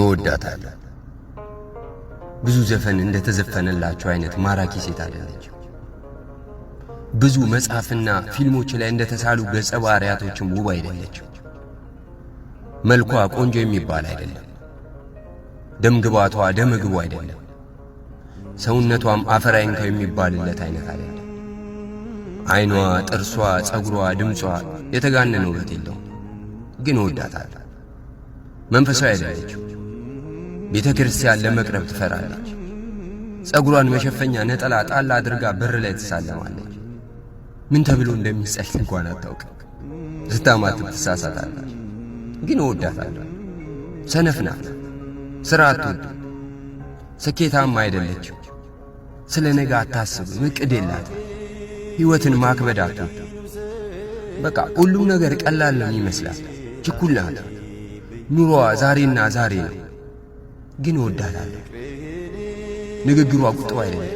እወዳታለሁ። ብዙ ዘፈን እንደተዘፈነላቸው አይነት ማራኪ ሴት አይደለች። ብዙ መጽሐፍና ፊልሞች ላይ እንደተሳሉ ገጸ ባህሪያቶችም ውብ አይደለች። መልኳ ቆንጆ የሚባል አይደለም። ደምግባቷ ደምግቡ አይደለም። ሰውነቷም አፈር አይንካው የሚባልለት አይነት አይደለም። አይኗ፣ ጥርሷ፣ ጸጉሯ፣ ድምጿ የተጋነነ ውበት የለውም። ግን እወዳታለሁ። መንፈሳዊ አይደለችም። ቤተ ክርስቲያን ለመቅረብ ትፈራለች። ጸጉሯን መሸፈኛ ነጠላ ጣል አድርጋ በር ላይ ትሳለማለች። ምን ተብሎ እንደሚጸልይ እንኳን አታውቅ። ስታማትብ ትሳሳታለች። ግን እወዳታለሁ። ሰነፍ ናት። ሥራ አትወድ፣ ስኬታማ አይደለችም። ስለ ነገ አታስብም። እቅድ የላት፣ ሕይወትን ማክበድ አትወድ። በቃ ሁሉም ነገር ቀላል ነው ይመስላል። ችኩል ናት። ኑሮዋ ዛሬና ዛሬ ነው። ግን እወዳታለሁ። ንግግሩ አቁጡ አይደለም።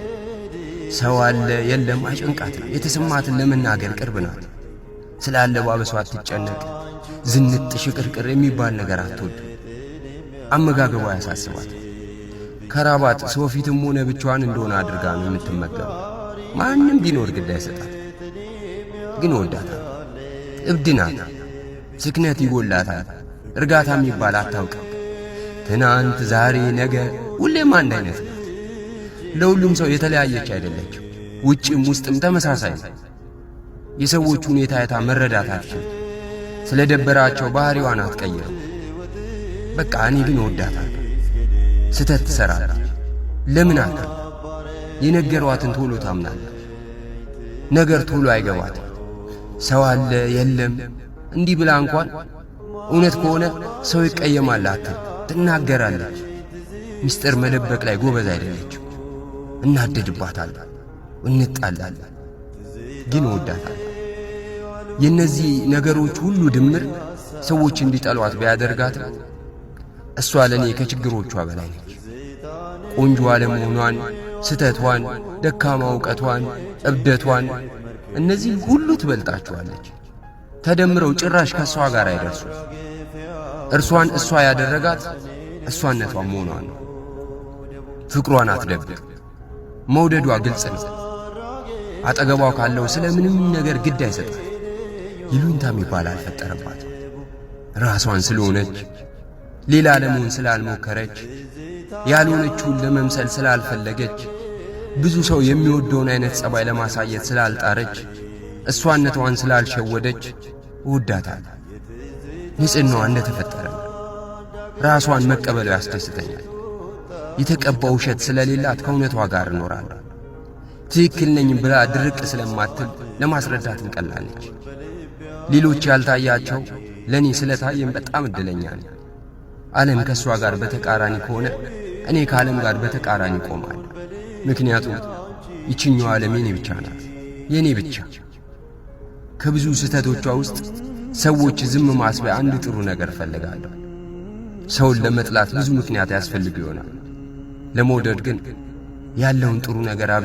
ሰው አለ የለም ነው። የተሰማትን ለመናገር ቅርብ ናት። ስለ አለባበሷ አትጨነቅ። ዝንጥ ሽቅርቅር የሚባል ነገር አትወድ። አመጋገቧ ያሳስባት። ከራባት ሰው ፊትም ሆነ ብቻዋን እንደሆነ አድርጋ ነው የምትመገበው። ማንም ቢኖር ግድ አይሰጣት። ግን እወዳታለሁ። እብድ ናት። ስክነት ይጎላታል። እርጋታ የሚባል አታውቅም። ትናንት፣ ዛሬ፣ ነገ ሁሌም አንድ አይነት ነው። ለሁሉም ሰው የተለያየች አይደለችም። ውጭም ውስጥም ተመሳሳይ ነው። የሰዎቹ ሁኔታ አይታ መረዳት አትችል። ስለ ደበራቸው ባህሪዋን አትቀይርም በቃ እኔ ግን እወዳታለሁ። ስተት ትሠራለች። ለምን አለ የነገሯትን ቶሎ ታምናለች። ነገር ቶሎ አይገባትም። ሰው አለ የለም እንዲህ ብላ እንኳን እውነት ከሆነ ሰው ይቀየማል አትል ትናገራለች። ምስጢር መደበቅ ላይ ጎበዝ አይደለችው። እናደድባታል፣ እንጣላለን፣ ግን እወዳታለሁ። የእነዚህ ነገሮች ሁሉ ድምር ሰዎች እንዲጠሏት ቢያደርጋትም እሷ ለእኔ ከችግሮቿ በላይ ነች። ቆንጆ አለመሆኗን፣ ስተቷን፣ ደካማ እውቀቷን፣ እብደቷን እነዚህ ሁሉ ትበልጣችኋለች። ተደምረው ጭራሽ ከእሷ ጋር አይደርሱም። እርሷን እሷ ያደረጋት እሷነቷ መሆኗ ነው። ፍቅሯን አትደብቅ፣ መውደዷ ግልጽ ነው። አጠገቧ ካለው ስለ ምንም ነገር ግድ አይሰጣል። ይሉኝታ የሚባል አልፈጠረባት። ራሷን ስለሆነች፣ ሌላ ለመሆን ስላልሞከረች፣ ያልሆነችውን ለመምሰል ስላልፈለገች፣ ብዙ ሰው የሚወደውን አይነት ጸባይ ለማሳየት ስላልጣረች፣ እሷነቷን ስላልሸወደች እወዳታለሁ። ንጽህናዋ እንደተፈጠረ ተፈጠረ ራሷን መቀበሉ ያስደስተኛል። የተቀባው ውሸት ስለሌላት ከእውነቷ ጋር እኖራለሁ። ትክክል ነኝ ብላ ድርቅ ስለማትል ለማስረዳት እንቀላለች። ሌሎች ያልታያቸው ለእኔ ስለታየም በጣም እድለኛ ነኝ። ዓለም ከእሷ ጋር በተቃራኒ ከሆነ እኔ ከዓለም ጋር በተቃራኒ ይቆማል። ምክንያቱም ይችኛው ዓለም የኔ ብቻ ናት፣ የእኔ ብቻ። ከብዙ ስህተቶቿ ውስጥ ሰዎች ዝም ማስቢያ አንድ ጥሩ ነገር እፈልጋለሁ። ሰውን ለመጥላት ብዙ ምክንያት ያስፈልግ ይሆናል። ለመውደድ ግን ያለውን ጥሩ ነገር